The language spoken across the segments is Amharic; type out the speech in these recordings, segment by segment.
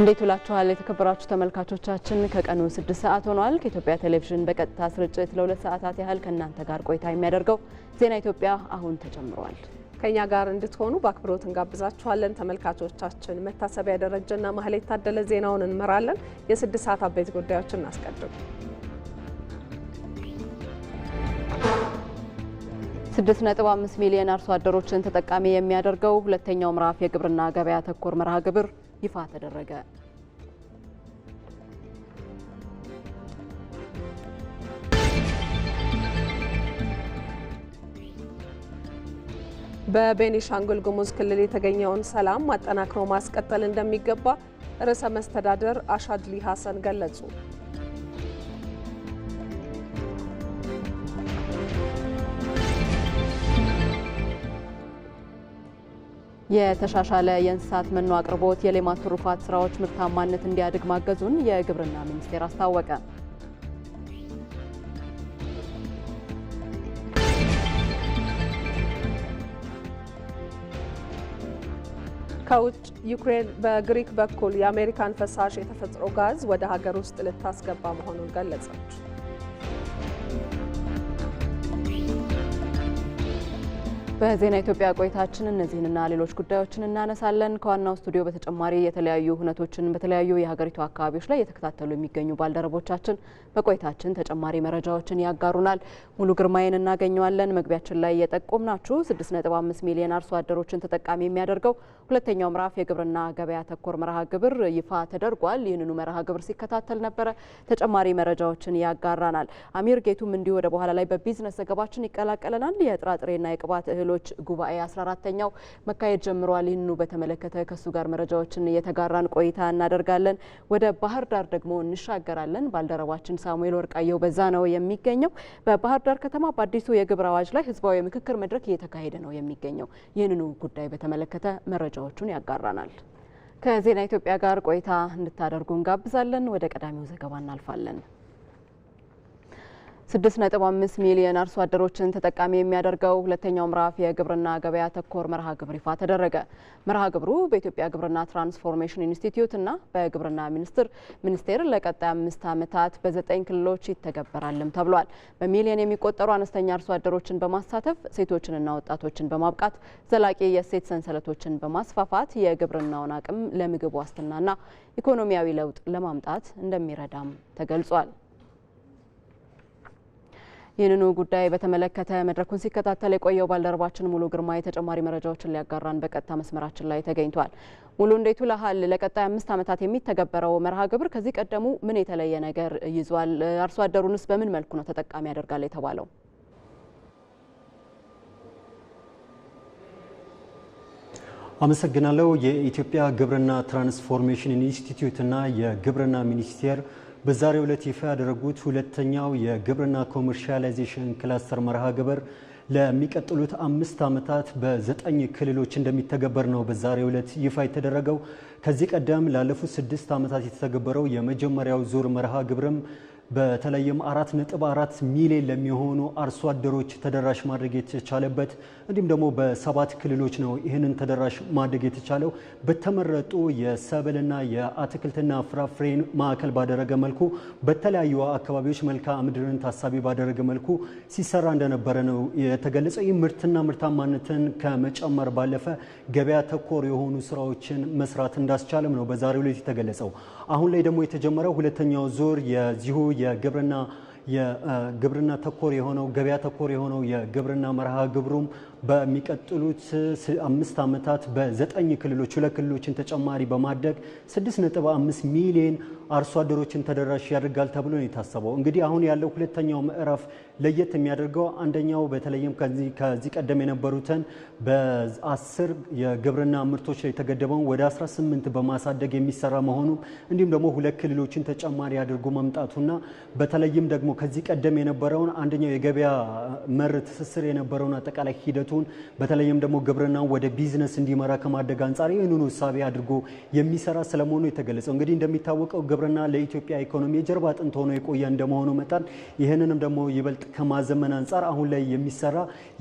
እንዴት ውላችኋል የተከበራችሁ ተመልካቾቻችን፣ ከቀኑ ስድስት ሰዓት ሆኗል። ከኢትዮጵያ ቴሌቪዥን በቀጥታ ስርጭት ለሁለት ሰዓታት ያህል ከእናንተ ጋር ቆይታ የሚያደርገው ዜና ኢትዮጵያ አሁን ተጀምሯል። ከኛ ጋር እንድትሆኑ በአክብሮት እንጋብዛችኋለን ተመልካቾቻችን። መታሰቢያ ደረጀና ማህሌት ታደለ ዜናውን እንመራለን። የስድስት ሰዓት አበይት ጉዳዮችን እናስቀድም። ስድስት ነጥብ አምስት ሚሊዮን አርሶ አደሮችን ተጠቃሚ የሚያደርገው ሁለተኛው ምዕራፍ የግብርና ገበያ ተኮር መርሃ ግብር ይፋ ተደረገ። በቤኒሻንጉል ጉሙዝ ክልል የተገኘውን ሰላም ማጠናክሮ ማስቀጠል እንደሚገባ ርዕሰ መስተዳደር አሻድሊ ሀሰን ገለጹ። የተሻሻለ የእንስሳት መኖ አቅርቦት የሌማት ትሩፋት ስራዎች ምርታማነት እንዲያድግ ማገዙን የግብርና ሚኒስቴር አስታወቀ። ከውጭ ዩክሬን በግሪክ በኩል የአሜሪካን ፈሳሽ የተፈጥሮ ጋዝ ወደ ሀገር ውስጥ ልታስገባ መሆኑን ገለጸች። በዜና ኢትዮጵያ ቆይታችን እነዚህንና ሌሎች ጉዳዮችን እናነሳለን። ከዋናው ስቱዲዮ በተጨማሪ የተለያዩ ሁነቶችን በተለያዩ የሀገሪቱ አካባቢዎች ላይ እየተከታተሉ የሚገኙ ባልደረቦቻችን በቆይታችን ተጨማሪ መረጃዎችን ያጋሩናል። ሙሉ ግርማዬን እናገኘዋለን። መግቢያችን ላይ የጠቆምናችሁ 6.5 ሚሊዮን አርሶ አደሮችን ተጠቃሚ የሚያደርገው ሁለተኛው ምዕራፍ የግብርና ገበያ ተኮር መርሃ ግብር ይፋ ተደርጓል። ይህንኑ መርሃ ግብር ሲከታተል ነበረ። ተጨማሪ መረጃዎችን ያጋራናል። አሚር ጌቱም እንዲሁ ወደ በኋላ ላይ በቢዝነስ ዘገባችን ይቀላቀለናል። የጥራጥሬና የቅባት እህሎች ጉባኤ 14ተኛው መካሄድ ጀምሯል። ይህንኑ በተመለከተ ከሱ ጋር መረጃዎችን እየተጋራን ቆይታ እናደርጋለን። ወደ ባህር ዳር ደግሞ እንሻገራለን። ባልደረባችን ሳሙኤል ወርቃየው በዛ ነው የሚገኘው። በባህር ዳር ከተማ በአዲሱ የግብር አዋጅ ላይ ህዝባዊ የምክክር መድረክ እየተካሄደ ነው የሚገኘው። ይህንኑ ጉዳይ በተመለከተ መረጃ መረጃዎቹን ያጋራናል። ከዜና ኢትዮጵያ ጋር ቆይታ እንድታደርጉ እንጋብዛለን። ወደ ቀዳሚው ዘገባ እናልፋለን። 6.5 ሚሊዮን አርሶ አደሮችን ተጠቃሚ የሚያደርገው ሁለተኛው ምዕራፍ የግብርና ገበያ ተኮር መርሃ ግብር ይፋ ተደረገ። መርሃ ግብሩ በኢትዮጵያ ግብርና ትራንስፎርሜሽን ኢንስቲትዩት እና በግብርና ሚኒስቴር ሚኒስቴር ለቀጣይ አምስት ዓመታት በዘጠኝ ክልሎች ይተገበራልም ተብሏል። በሚሊዮን የሚቆጠሩ አነስተኛ አርሶ አደሮችን በማሳተፍ ሴቶችንና ወጣቶችን በማብቃት ዘላቂ የእሴት ሰንሰለቶችን በማስፋፋት የግብርናውን አቅም ለምግብ ዋስትናና ኢኮኖሚያዊ ለውጥ ለማምጣት እንደሚረዳም ተገልጿል። ይህንኑ ጉዳይ በተመለከተ መድረኩን ሲከታተል የቆየው ባልደረባችን ሙሉ ግርማ የተጨማሪ መረጃዎችን ሊያጋራን በቀጥታ መስመራችን ላይ ተገኝቷል። ሙሉ እንዴቱ ውለሃል? ለቀጣይ አምስት ዓመታት የሚተገበረው መርሃ ግብር ከዚህ ቀደሙ ምን የተለየ ነገር ይዟል? አርሶ አደሩንስ በምን መልኩ ነው ተጠቃሚ ያደርጋል የተባለው? አመሰግናለሁ። የኢትዮጵያ ግብርና ትራንስፎርሜሽን ኢንስቲትዩትና የግብርና ሚኒስቴር በዛሬው ዕለት ይፋ ያደረጉት ሁለተኛው የግብርና ኮመርሻላይዜሽን ክላስተር መርሃ ግብር ለሚቀጥሉት አምስት ዓመታት በዘጠኝ ክልሎች እንደሚተገበር ነው በዛሬው ዕለት ይፋ የተደረገው። ከዚህ ቀደም ላለፉት ስድስት ዓመታት የተተገበረው የመጀመሪያው ዙር መርሃ ግብርም በተለይም አራት ነጥብ አራት ሚሊዮን ለሚሆኑ አርሶ አደሮች ተደራሽ ማድረግ የተቻለበት እንዲሁም ደግሞ በሰባት ክልሎች ነው ይህንን ተደራሽ ማድረግ የተቻለው በተመረጡ የሰብልና የአትክልትና ፍራፍሬ ማዕከል ባደረገ መልኩ በተለያዩ አካባቢዎች መልክዓ ምድርን ታሳቢ ባደረገ መልኩ ሲሰራ እንደነበረ ነው የተገለጸው። ይህ ምርትና ምርታማነትን ከመጨመር ባለፈ ገበያ ተኮር የሆኑ ስራዎችን መስራት እንዳስቻለም ነው በዛሬው ዕለት የተገለጸው። አሁን ላይ ደግሞ የተጀመረው ሁለተኛው ዙር የዚሁ የግብርና የግብርና ተኮር የሆነው ገበያ ተኮር የሆነው የግብርና መርሃ ግብሩም በሚቀጥሉት አምስት ዓመታት በዘጠኝ ክልሎች ሁለት ክልሎችን ተጨማሪ በማድረግ 6.5 ሚሊዮን አርሶ አደሮችን ተደራሽ ያደርጋል ተብሎ ነው የታሰበው። እንግዲህ አሁን ያለው ሁለተኛው ምዕራፍ ለየት የሚያደርገው አንደኛው በተለይም ከዚህ ቀደም የነበሩትን በአስር የግብርና ምርቶች ላይ የተገደበውን ወደ 18 በማሳደግ የሚሰራ መሆኑ እንዲሁም ደግሞ ሁለት ክልሎችን ተጨማሪ አድርጎ መምጣቱና በተለይም ደግሞ ከዚህ ቀደም የነበረውን አንደኛው የገበያ መር ትስስር የነበረውን አጠቃላይ ሂደቱ ትምህርቱን በተለይም ደግሞ ግብርናን ወደ ቢዝነስ እንዲመራ ከማደግ አንጻር ይህንኑ እሳቤ አድርጎ የሚሰራ ስለመሆኑ የተገለጸው። እንግዲህ እንደሚታወቀው ግብርና ለኢትዮጵያ ኢኮኖሚ የጀርባ አጥንት ሆኖ የቆየ እንደመሆኑ መጠን ይህንንም ደግሞ ይበልጥ ከማዘመን አንጻር አሁን ላይ የሚሰራ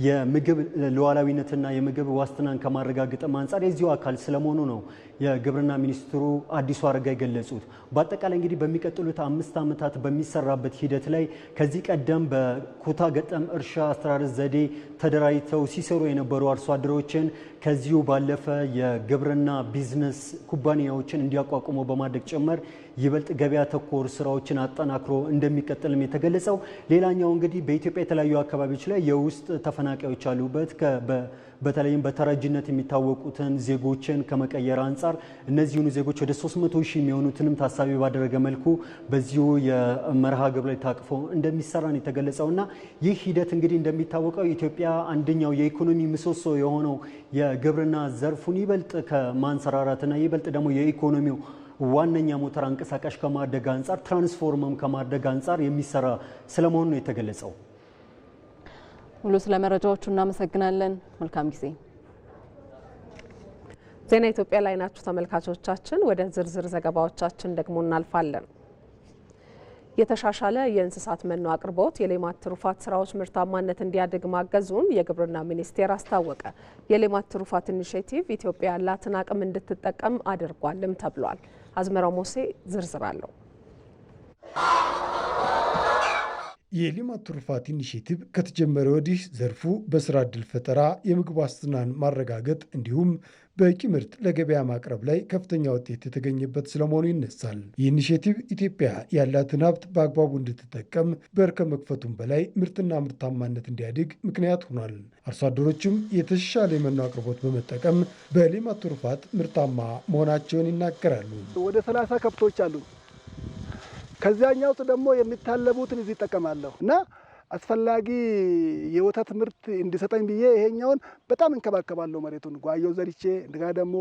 የምግብ ሉዓላዊነትና የምግብ ዋስትናን ከማረጋገጥም አንጻር የዚሁ አካል ስለመሆኑ ነው የግብርና ሚኒስትሩ አዲሱ አረጋ የገለጹት። በአጠቃላይ እንግዲህ በሚቀጥሉት አምስት ዓመታት በሚሰራበት ሂደት ላይ ከዚህ ቀደም በኩታ ገጠም እርሻ አስተራረስ ዘዴ ተደራጅተው ሲሰሩ የነበሩ አርሶ አደሮችን ከዚሁ ባለፈ የግብርና ቢዝነስ ኩባንያዎችን እንዲያቋቁሙ በማድረግ ጭምር ይበልጥ ገበያ ተኮር ስራዎችን አጠናክሮ እንደሚቀጥልም የተገለጸው። ሌላኛው እንግዲህ በኢትዮጵያ የተለያዩ አካባቢዎች ላይ የውስጥ ተፈናቃዮች አሉበት በተለይም በተረጅነት የሚታወቁትን ዜጎችን ከመቀየር አንጻር እነዚህኑ ዜጎች ወደ 300 ሺህ የሚሆኑትንም ታሳቢ ባደረገ መልኩ በዚሁ የመርሃ ግብር ላይ ታቅፎ እንደሚሰራ ነው የተገለጸው እና ይህ ሂደት እንግዲህ እንደሚታወቀው ኢትዮጵያ አንደኛው የኢኮኖሚ ምሰሶ የሆነው የግብርና ዘርፉን ይበልጥ ከማንሰራራትና ይበልጥ ደግሞ የኢኮኖሚው ዋነኛ ሞተር አንቀሳቃሽ ከማደግ አንጻር ትራንስፎርመም ከማደግ አንጻር የሚሰራ ስለመሆኑ ነው የተገለጸው። ሙሉ ስለ መረጃዎቹ እናመሰግናለን። መልካም ጊዜ። ዜና ኢትዮጵያ ላይ ናችሁ ተመልካቾቻችን። ወደ ዝርዝር ዘገባዎቻችን ደግሞ እናልፋለን። የተሻሻለ የእንስሳት መኖ አቅርቦት የሌማት ትሩፋት ስራዎች ምርታማነት እንዲያድግ ማገዙን የግብርና ሚኒስቴር አስታወቀ። የሌማት ትሩፋት ኢኒሽቲቭ ኢትዮጵያ ያላትን አቅም እንድትጠቀም አድርጓልም ተብሏል። አዝመራው ሞሴ ዝርዝር አለው። የሌማት ትሩፋት ኢኒሽቲቭ ከተጀመረ ወዲህ ዘርፉ በስራ ዕድል ፈጠራ፣ የምግብ ዋስትናን ማረጋገጥ እንዲሁም በቂ ምርት ለገበያ ማቅረብ ላይ ከፍተኛ ውጤት የተገኘበት ስለመሆኑ ይነሳል። ይህ ኢኒሽቲቭ ኢትዮጵያ ያላትን ሀብት በአግባቡ እንድትጠቀም በር ከመክፈቱም በላይ ምርትና ምርታማነት እንዲያድግ ምክንያት ሆኗል። አርሶ አደሮችም የተሻለ የመኖ አቅርቦት በመጠቀም በሌማት ትሩፋት ምርታማ መሆናቸውን ይናገራሉ። ወደ ሰላሳ ከብቶች አሉ ከዚያኛው ውስጥ ደግሞ የሚታለቡትን እዚህ ይጠቀማለሁ እና አስፈላጊ የወተት ምርት እንዲሰጠኝ ብዬ ይሄኛውን በጣም እንከባከባለሁ። መሬቱን ጓዮ ዘርቼ እንደገና ደግሞ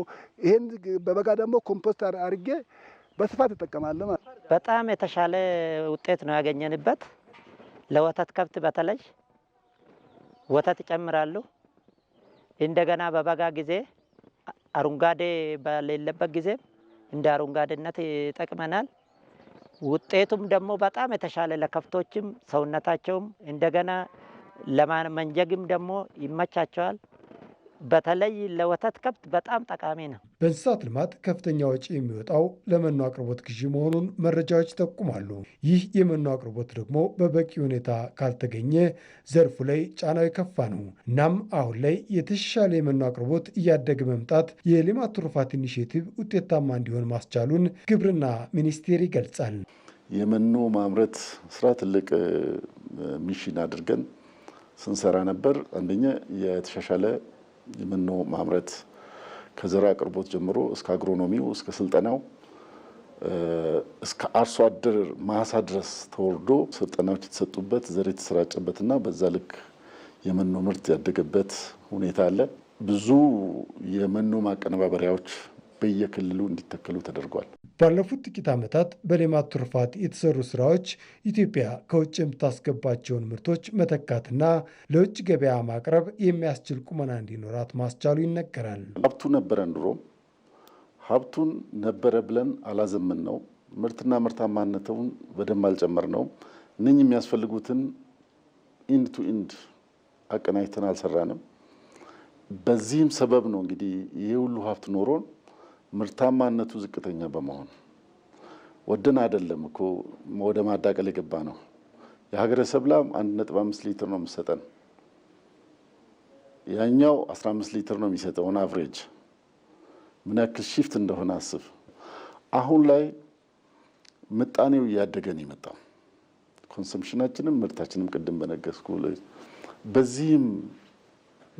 ይሄን በበጋ ደግሞ ኮምፖስት አድርጌ በስፋት ይጠቀማለሁ ማለት ነው። በጣም የተሻለ ውጤት ነው ያገኘንበት። ለወተት ከብት በተለይ ወተት ይጨምራሉ። እንደገና በበጋ ጊዜ አረንጓዴ በሌለበት ጊዜ እንደ አረንጓዴነት ይጠቅመናል። ውጤቱም ደግሞ በጣም የተሻለ ለከብቶችም ሰውነታቸውም እንደገና ለማመንጀግም ደግሞ ይመቻቸዋል። በተለይ ለወተት ከብት በጣም ጠቃሚ ነው። በእንስሳት ልማት ከፍተኛ ወጪ የሚወጣው ለመኖ አቅርቦት ግዢ መሆኑን መረጃዎች ይጠቁማሉ። ይህ የመኖ አቅርቦት ደግሞ በበቂ ሁኔታ ካልተገኘ ዘርፉ ላይ ጫናው የከፋ ነው። እናም አሁን ላይ የተሻለ የመኖ አቅርቦት እያደገ መምጣት የልማት ትሩፋት ኢኒሽቲቭ ውጤታማ እንዲሆን ማስቻሉን ግብርና ሚኒስቴር ይገልጻል። የመኖ ማምረት ስራ ትልቅ ሚሽን አድርገን ስንሰራ ነበር። አንደኛ የተሻሻለ የመኖ ማምረት ከዘር አቅርቦት ጀምሮ እስከ አግሮኖሚው እስከ ስልጠናው እስከ አርሶ አደር ማሳ ድረስ ተወርዶ ስልጠናዎች የተሰጡበት ዘር የተሰራጨበትና በዛ ልክ የመኖ ምርት ያደገበት ሁኔታ አለ። ብዙ የመኖ ማቀነባበሪያዎች በየክልሉ እንዲተከሉ ተደርጓል። ባለፉት ጥቂት ዓመታት በሌማት ትሩፋት የተሰሩ ስራዎች ኢትዮጵያ ከውጭ የምታስገባቸውን ምርቶች መተካትና ለውጭ ገበያ ማቅረብ የሚያስችል ቁመና እንዲኖራት ማስቻሉ ይነገራል። ሀብቱ ነበረን፣ ድሮም ሀብቱን ነበረ ብለን አላዘምን ነው ምርትና ምርታማነተውን በደንብ አልጨመር ነው። እነኝ የሚያስፈልጉትን ኢንድ ቱ ኢንድ አቀናጅተን አልሰራንም። በዚህም ሰበብ ነው እንግዲህ ይህ ሁሉ ሀብት ኖሮን ምርታማነቱ ዝቅተኛ በመሆን ወደን አይደለም እኮ ወደ ማዳቀል የገባ ነው። የሀገረ ሰብላም አንድ ነጥብ አምስት ሊትር ነው የምሰጠን፣ ያኛው 15 ሊትር ነው የሚሰጠውን አቨሬጅ ምን ያክል ሺፍት እንደሆነ አስብ። አሁን ላይ ምጣኔው እያደገ ነው የመጣው። ኮንሰምፕሽናችንም ምርታችንም ቅድም በነገስኩ በዚህም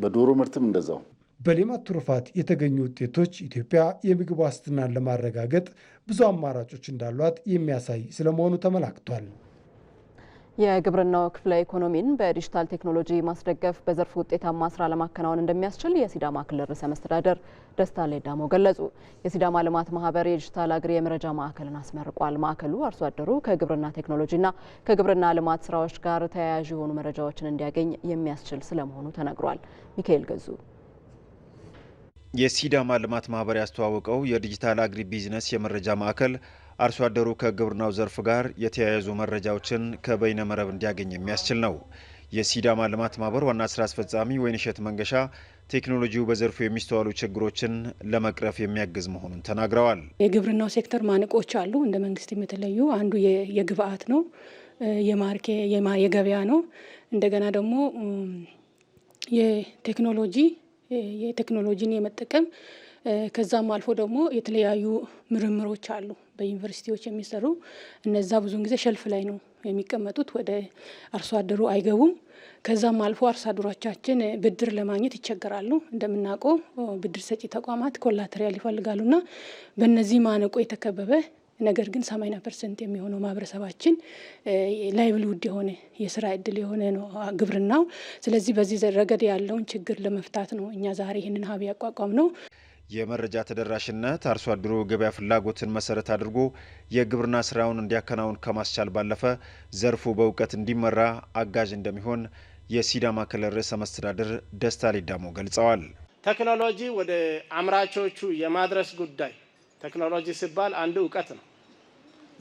በዶሮ ምርትም እንደዛው በሌማት ትሩፋት የተገኙ ውጤቶች ኢትዮጵያ የምግብ ዋስትናን ለማረጋገጥ ብዙ አማራጮች እንዳሏት የሚያሳይ ስለመሆኑ ተመላክቷል። የግብርናው ክፍለ ኢኮኖሚን በዲጂታል ቴክኖሎጂ ማስደገፍ በዘርፉ ውጤታማ ስራ ለማከናወን እንደሚያስችል የሲዳማ ክልል ርዕሰ መስተዳደር ደስታ ሌዳሞ ገለጹ። የሲዳማ ልማት ማህበር የዲጂታል አግሪ የመረጃ ማዕከልን አስመርቋል። ማዕከሉ አርሶ አደሩ ከግብርና ቴክኖሎጂና ከግብርና ልማት ስራዎች ጋር ተያያዥ የሆኑ መረጃዎችን እንዲያገኝ የሚያስችል ስለመሆኑ ተነግሯል። ሚካኤል ገዙ የሲዳማ ልማት ማህበር ያስተዋወቀው የዲጂታል አግሪ ቢዝነስ የመረጃ ማዕከል አርሶ አደሩ ከግብርናው ዘርፍ ጋር የተያያዙ መረጃዎችን ከበይነ መረብ እንዲያገኝ የሚያስችል ነው። የሲዳማ ልማት ማህበር ዋና ስራ አስፈጻሚ ወይንሸት መንገሻ ቴክኖሎጂው በዘርፉ የሚስተዋሉ ችግሮችን ለመቅረፍ የሚያግዝ መሆኑን ተናግረዋል። የግብርናው ሴክተር ማነቆች አሉ። እንደ መንግስት የተለዩ አንዱ የግብአት ነው፣ የማርኬ የገበያ ነው። እንደገና ደግሞ የቴክኖሎጂ የቴክኖሎጂን የመጠቀም ከዛም አልፎ ደግሞ የተለያዩ ምርምሮች አሉ በዩኒቨርሲቲዎች የሚሰሩ እነዛ ብዙውን ጊዜ ሸልፍ ላይ ነው የሚቀመጡት፣ ወደ አርሶ አደሩ አይገቡም። ከዛም አልፎ አርሶ አደሮቻችን ብድር ለማግኘት ይቸገራሉ። እንደምናውቀው ብድር ሰጪ ተቋማት ኮላተሪያል ይፈልጋሉና በእነዚህ ማነቆ የተከበበ ነገር ግን ሰማንያ ፐርሰንት የሚሆነው ማህበረሰባችን ውድ የሆነ የስራ እድል የሆነ ነው ግብርናው። ስለዚህ በዚህ ረገድ ያለውን ችግር ለመፍታት ነው እኛ ዛሬ ይህንን ሀብ ያቋቋም ነው። የመረጃ ተደራሽነት አርሶ አደሩ ገበያ ፍላጎትን መሰረት አድርጎ የግብርና ስራውን እንዲያከናውን ከማስቻል ባለፈ ዘርፉ በእውቀት እንዲመራ አጋዥ እንደሚሆን የሲዳማ ክልል ርዕሰ መስተዳድር ደስታ ሊዳሞ ገልጸዋል። ቴክኖሎጂ ወደ አምራቾቹ የማድረስ ጉዳይ ቴክኖሎጂ ሲባል አንዱ እውቀት ነው።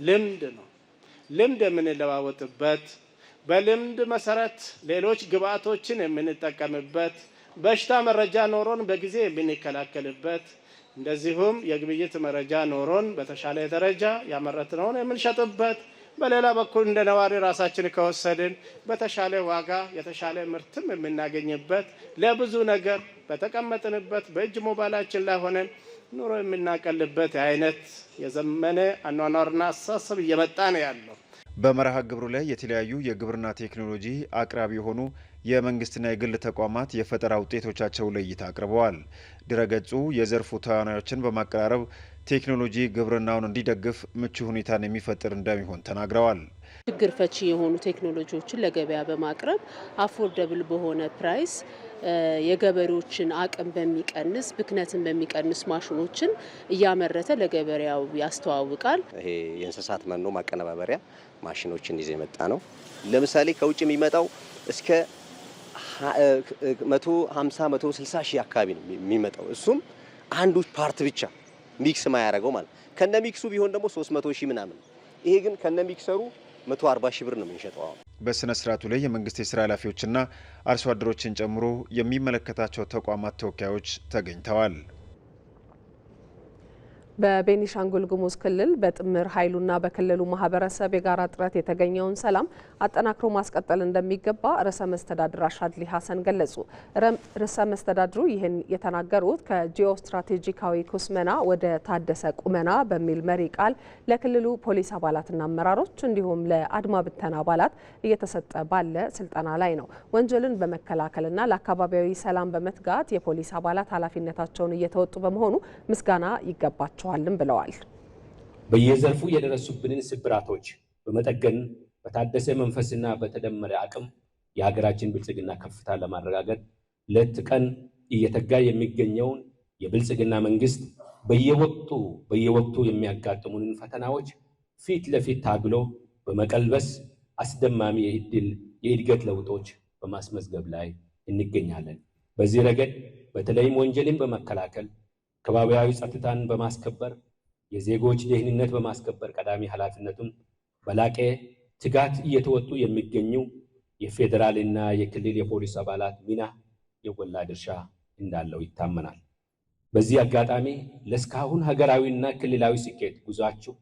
ልምድ ነው። ልምድ የምንለዋወጥበት በልምድ መሰረት ሌሎች ግብአቶችን የምንጠቀምበት በሽታ መረጃ ኖሮን በጊዜ የምንከላከልበት እንደዚሁም የግብይት መረጃ ኖሮን በተሻለ ደረጃ ያመረትነውን የምንሸጥበት በሌላ በኩል እንደ ነዋሪ ራሳችን ከወሰድን በተሻለ ዋጋ የተሻለ ምርትም የምናገኝበት ለብዙ ነገር በተቀመጥንበት በእጅ ሞባይላችን ላይ ሆነን ኑሮ የምናቀልበት አይነት የዘመነ አኗኗርና አስተሳሰብ እየመጣ ነው ያለው። በመርሃ ግብሩ ላይ የተለያዩ የግብርና ቴክኖሎጂ አቅራቢ የሆኑ የመንግስትና የግል ተቋማት የፈጠራ ውጤቶቻቸው ለእይታ አቅርበዋል። ድረገጹ የዘርፉ ተዋናዮችን በማቀራረብ ቴክኖሎጂ ግብርናውን እንዲደግፍ ምቹ ሁኔታን የሚፈጥር እንደሚሆን ተናግረዋል። ችግር ፈቺ የሆኑ ቴክኖሎጂዎችን ለገበያ በማቅረብ አፎርደብል በሆነ ፕራይስ የገበሬዎችን አቅም በሚቀንስ ብክነትን በሚቀንስ ማሽኖችን እያመረተ ለገበሬያው ያስተዋውቃል። ይሄ የእንስሳት መኖ ማቀነባበሪያ ማሽኖችን ይዘ የመጣ ነው። ለምሳሌ ከውጭ የሚመጣው እስከ 150 160 ሺህ አካባቢ ነው የሚመጣው። እሱም አንዱ ፓርት ብቻ ሚክስ ማያደርገው ማለት ከነ ሚክሱ ቢሆን ደግሞ 300 ሺህ ምናምን። ይሄ ግን ከነ ሚክሰሩ 140 ሺህ ብር ነው የምንሸጠው። በስነ ስርዓቱ ላይ የመንግስት የስራ ኃላፊዎችና አርሶ አደሮችን ጨምሮ የሚመለከታቸው ተቋማት ተወካዮች ተገኝተዋል። በቤኒሻንጉል ጉሙዝ ክልል በጥምር ኃይሉና በክልሉ ማህበረሰብ የጋራ ጥረት የተገኘውን ሰላም አጠናክሮ ማስቀጠል እንደሚገባ ርዕሰ መስተዳድር አሻድሊ ሀሰን ገለጹ። ርዕሰ መስተዳድሩ ይህን የተናገሩት ከጂኦ ስትራቴጂካዊ ኩስመና ወደ ታደሰ ቁመና በሚል መሪ ቃል ለክልሉ ፖሊስ አባላትና አመራሮች እንዲሁም ለአድማ ብተና አባላት እየተሰጠ ባለ ስልጠና ላይ ነው። ወንጀልን በመከላከልና ለአካባቢያዊ ሰላም በመትጋት የፖሊስ አባላት ኃላፊነታቸውን እየተወጡ በመሆኑ ምስጋና ይገባቸዋል። ተሰርተዋልም ብለዋል። በየዘርፉ የደረሱብንን ስብራቶች በመጠገን በታደሰ መንፈስና በተደመረ አቅም የሀገራችን ብልጽግና ከፍታ ለማረጋገጥ ለት ቀን እየተጋ የሚገኘውን የብልጽግና መንግስት በየወቅቱ በየወቅቱ የሚያጋጥሙንን ፈተናዎች ፊት ለፊት ታግሎ በመቀልበስ አስደማሚ የድል የእድገት ለውጦች በማስመዝገብ ላይ እንገኛለን። በዚህ ረገድ በተለይም ወንጀልን በመከላከል ከባቢያዊ ጸጥታን በማስከበር የዜጎች ደህንነት በማስከበር ቀዳሚ ኃላፊነቱን በላቀ ትጋት እየተወጡ የሚገኙ የፌዴራልና የክልል የፖሊስ አባላት ሚና የጎላ ድርሻ እንዳለው ይታመናል። በዚህ አጋጣሚ ለእስካሁን ሀገራዊና ክልላዊ ስኬት ጉዟችሁ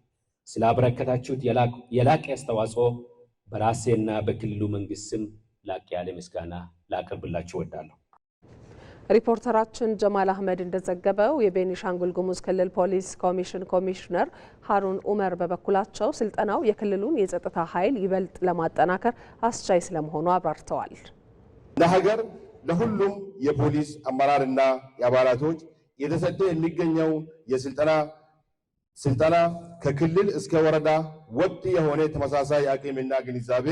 ስላበረከታችሁት የላቀ አስተዋጽኦ በራሴና በክልሉ መንግስት ስም ላቅ ያለ ምስጋና ላቀርብላችሁ እወዳለሁ። ሪፖርተራችን ጀማል አህመድ እንደዘገበው የቤኒሻንጉል ጉሙዝ ክልል ፖሊስ ኮሚሽን ኮሚሽነር ሀሩን ኡመር በበኩላቸው ስልጠናው የክልሉን የጸጥታ ኃይል ይበልጥ ለማጠናከር አስቻይ ስለመሆኑ አብራርተዋል። ለሀገር ለሁሉም የፖሊስ አመራርና የአባላቶች የተሰደ የሚገኘው የስልጠና ስልጠና ከክልል እስከ ወረዳ ወጥ የሆነ ተመሳሳይ አቅምና ግንዛቤ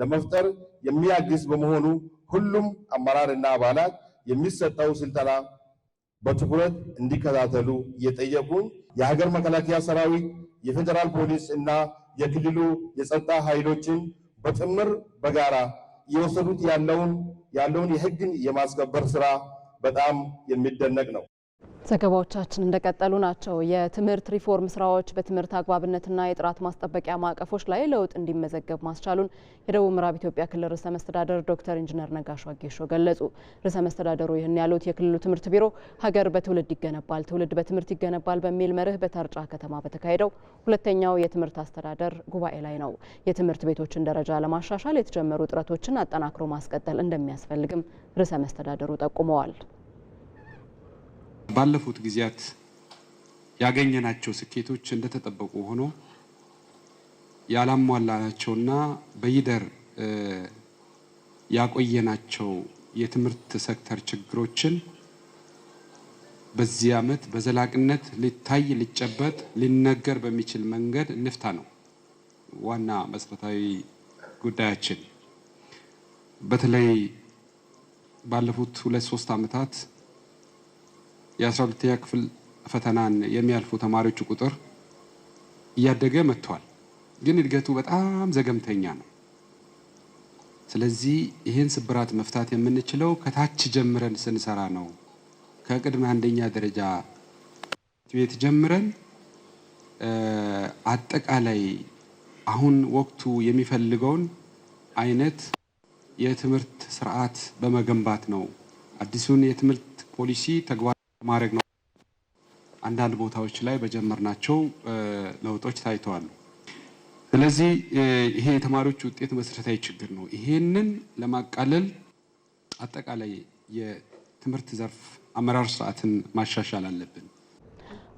ለመፍጠር የሚያግዝ በመሆኑ ሁሉም አመራርና አባላት የሚሰጠው ስልጠና በትኩረት እንዲከታተሉ የጠየቁን የሀገር መከላከያ ሰራዊት፣ የፌዴራል ፖሊስ እና የክልሉ የጸጥታ ኃይሎችን በጥምር በጋራ እየወሰዱት ያለውን ያለውን የህግን የማስከበር ስራ በጣም የሚደነቅ ነው። ዘገባዎቻችን እንደቀጠሉ ናቸው። የትምህርት ሪፎርም ስራዎች በትምህርት አግባብነትና የጥራት ማስጠበቂያ ማዕቀፎች ላይ ለውጥ እንዲመዘገብ ማስቻሉን የደቡብ ምዕራብ ኢትዮጵያ ክልል ርዕሰ መስተዳደር ዶክተር ኢንጂነር ነጋሽ ዋጌሾ ገለጹ። ርዕሰ መስተዳደሩ ይህን ያሉት የክልሉ ትምህርት ቢሮ ሀገር በትውልድ ይገነባል፣ ትውልድ በትምህርት ይገነባል በሚል መርህ በተርጫ ከተማ በተካሄደው ሁለተኛው የትምህርት አስተዳደር ጉባኤ ላይ ነው። የትምህርት ቤቶችን ደረጃ ለማሻሻል የተጀመሩ ጥረቶችን አጠናክሮ ማስቀጠል እንደሚያስፈልግም ርዕሰ መስተዳደሩ ጠቁመዋል። ባለፉት ጊዜያት ያገኘናቸው ስኬቶች እንደተጠበቁ ሆኖ ያላሟላናቸውና በይደር ያቆየናቸው የትምህርት ሴክተር ችግሮችን በዚህ ዓመት በዘላቅነት ሊታይ ሊጨበጥ ሊነገር በሚችል መንገድ እንፍታ ነው ዋና መሰረታዊ ጉዳያችን። በተለይ ባለፉት ሁለት ሶስት ዓመታት የ12ኛ ክፍል ፈተናን የሚያልፉ ተማሪዎች ቁጥር እያደገ መጥቷል። ግን እድገቱ በጣም ዘገምተኛ ነው። ስለዚህ ይህን ስብራት መፍታት የምንችለው ከታች ጀምረን ስንሰራ ነው። ከቅድመ አንደኛ ደረጃ ቤት ጀምረን አጠቃላይ አሁን ወቅቱ የሚፈልገውን አይነት የትምህርት ስርዓት በመገንባት ነው አዲሱን የትምህርት ፖሊሲ ተግባ ማድረግ ነው። አንዳንድ ቦታዎች ላይ በጀመርናቸው ለውጦች ታይተዋል። ስለዚህ ይሄ የተማሪዎች ውጤት መሰረታዊ ችግር ነው። ይሄንን ለማቃለል አጠቃላይ የትምህርት ዘርፍ አመራር ስርዓትን ማሻሻል አለብን።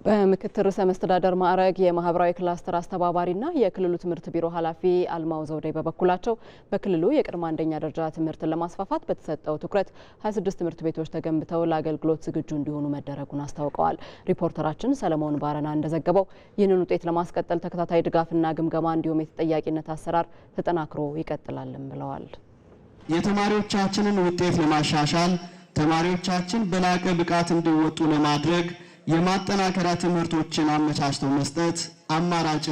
በምክትል ርዕሰ መስተዳደር ማዕረግ የማህበራዊ ክላስተር አስተባባሪና የክልሉ ትምህርት ቢሮ ኃላፊ አልማው ዘውዴ በበኩላቸው በክልሉ የቅድመ አንደኛ ደረጃ ትምህርትን ለማስፋፋት በተሰጠው ትኩረት 26 ትምህርት ቤቶች ተገንብተው ለአገልግሎት ዝግጁ እንዲሆኑ መደረጉን አስታውቀዋል። ሪፖርተራችን ሰለሞን ባረና እንደዘገበው ይህንን ውጤት ለማስቀጠል ተከታታይ ድጋፍና ግምገማ እንዲሁም የተጠያቂነት አሰራር ተጠናክሮ ይቀጥላልም ብለዋል። የተማሪዎቻችንን ውጤት ለማሻሻል ተማሪዎቻችን በላቀ ብቃት እንዲወጡ ለማድረግ የማጠናከሪያ ትምህርቶችን አመቻችቶ መስጠት አማራጭ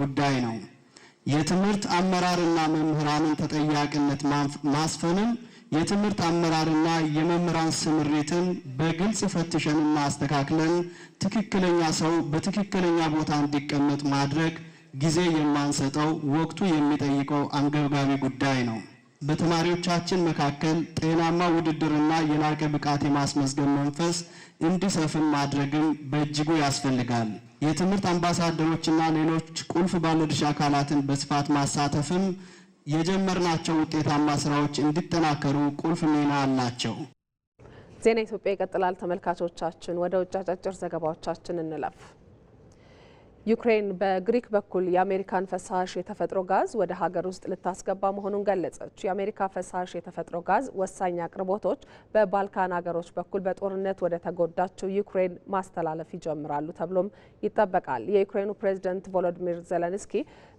ጉዳይ ነው። የትምህርት አመራርና መምህራንን ተጠያቂነት ማስፈንም የትምህርት አመራርና የመምህራን ስምሪትን በግልጽ ፈትሸንና አስተካክለን ትክክለኛ ሰው በትክክለኛ ቦታ እንዲቀመጥ ማድረግ ጊዜ የማንሰጠው ወቅቱ የሚጠይቀው አንገብጋቢ ጉዳይ ነው። በተማሪዎቻችን መካከል ጤናማ ውድድርና የላቀ ብቃት የማስመዝገብ መንፈስ እንዲሰፍን ማድረግም በእጅጉ ያስፈልጋል። የትምህርት አምባሳደሮችና ሌሎች ቁልፍ ባለድርሻ አካላትን በስፋት ማሳተፍም የጀመርናቸው ውጤታማ ስራዎች እንዲጠናከሩ ቁልፍ ሚና አላቸው። ዜና ኢትዮጵያ ይቀጥላል። ተመልካቾቻችን ወደ ውጭ አጫጭር ዘገባዎቻችን እንለፍ። ዩክሬን በግሪክ በኩል የአሜሪካን ፈሳሽ የተፈጥሮ ጋዝ ወደ ሀገር ውስጥ ልታስገባ መሆኑን ገለጸች። የአሜሪካ ፈሳሽ የተፈጥሮ ጋዝ ወሳኝ አቅርቦቶች በባልካን ሀገሮች በኩል በጦርነት ወደ ተጎዳቸው ዩክሬን ማስተላለፍ ይጀምራሉ ተብሎም ይጠበቃል። የዩክሬኑ ፕሬዝደንት ቮሎዲሚር ዜለንስኪ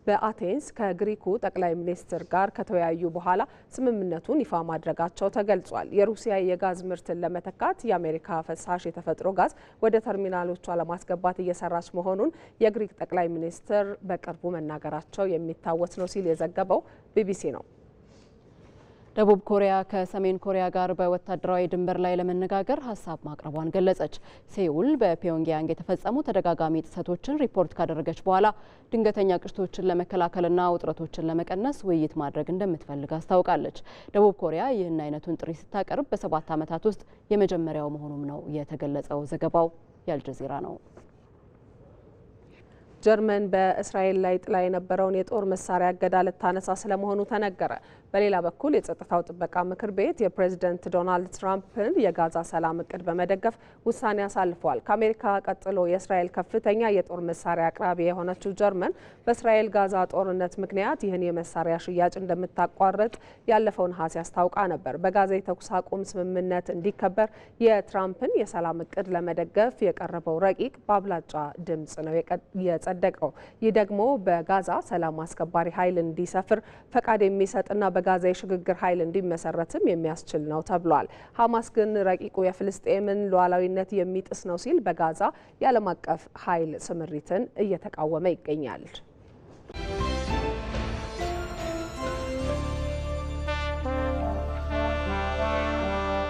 በአቴንስ ከግሪኩ ጠቅላይ ሚኒስትር ጋር ከተወያዩ በኋላ ስምምነቱን ይፋ ማድረጋቸው ተገልጿል። የሩሲያ የጋዝ ምርትን ለመተካት የአሜሪካ ፈሳሽ የተፈጥሮ ጋዝ ወደ ተርሚናሎቿ ለማስገባት እየሰራች መሆኑን የግሪክ ጠቅላይ ሚኒስትር በቅርቡ መናገራቸው የሚታወስ ነው ሲል የዘገበው ቢቢሲ ነው። ደቡብ ኮሪያ ከሰሜን ኮሪያ ጋር በወታደራዊ ድንበር ላይ ለመነጋገር ሀሳብ ማቅረቧን ገለጸች። ሴውል በፒዮንግያንግ የተፈጸሙ ተደጋጋሚ ጥሰቶችን ሪፖርት ካደረገች በኋላ ድንገተኛ ቅሽቶችን ለመከላከልና ውጥረቶችን ለመቀነስ ውይይት ማድረግ እንደምትፈልግ አስታውቃለች። ደቡብ ኮሪያ ይህን አይነቱን ጥሪ ስታቀርብ በሰባት ዓመታት ውስጥ የመጀመሪያው መሆኑም ነው የተገለጸው። ዘገባው የአልጀዚራ ነው። ጀርመን በእስራኤል ላይ ጥላ የነበረውን የጦር መሳሪያ እገዳ ልታነሳ ስለመሆኑ ተነገረ። በሌላ በኩል የጸጥታው ጥበቃ ምክር ቤት የፕሬዝደንት ዶናልድ ትራምፕን የጋዛ ሰላም እቅድ በመደገፍ ውሳኔ አሳልፏል። ከአሜሪካ ቀጥሎ የእስራኤል ከፍተኛ የጦር መሳሪያ አቅራቢ የሆነችው ጀርመን በእስራኤል ጋዛ ጦርነት ምክንያት ይህን የመሳሪያ ሽያጭ እንደምታቋርጥ ያለፈውን ነሐሴ አስታውቃ ነበር። በጋዛ የተኩስ አቁም ስምምነት እንዲከበር የትራምፕን የሰላም እቅድ ለመደገፍ የቀረበው ረቂቅ በአብላጫ ድምጽ ነው የጸደቀው። ይህ ደግሞ በጋዛ ሰላም አስከባሪ ኃይል እንዲሰፍር ፈቃድ የሚሰጥና በጋዛ የሽግግር ኃይል እንዲመሰረትም የሚያስችል ነው ተብሏል። ሐማስ ግን ረቂቁ የፍልስጤምን ሉዓላዊነት የሚጥስ ነው ሲል በጋዛ የዓለም አቀፍ ኃይል ስምሪትን እየተቃወመ ይገኛል።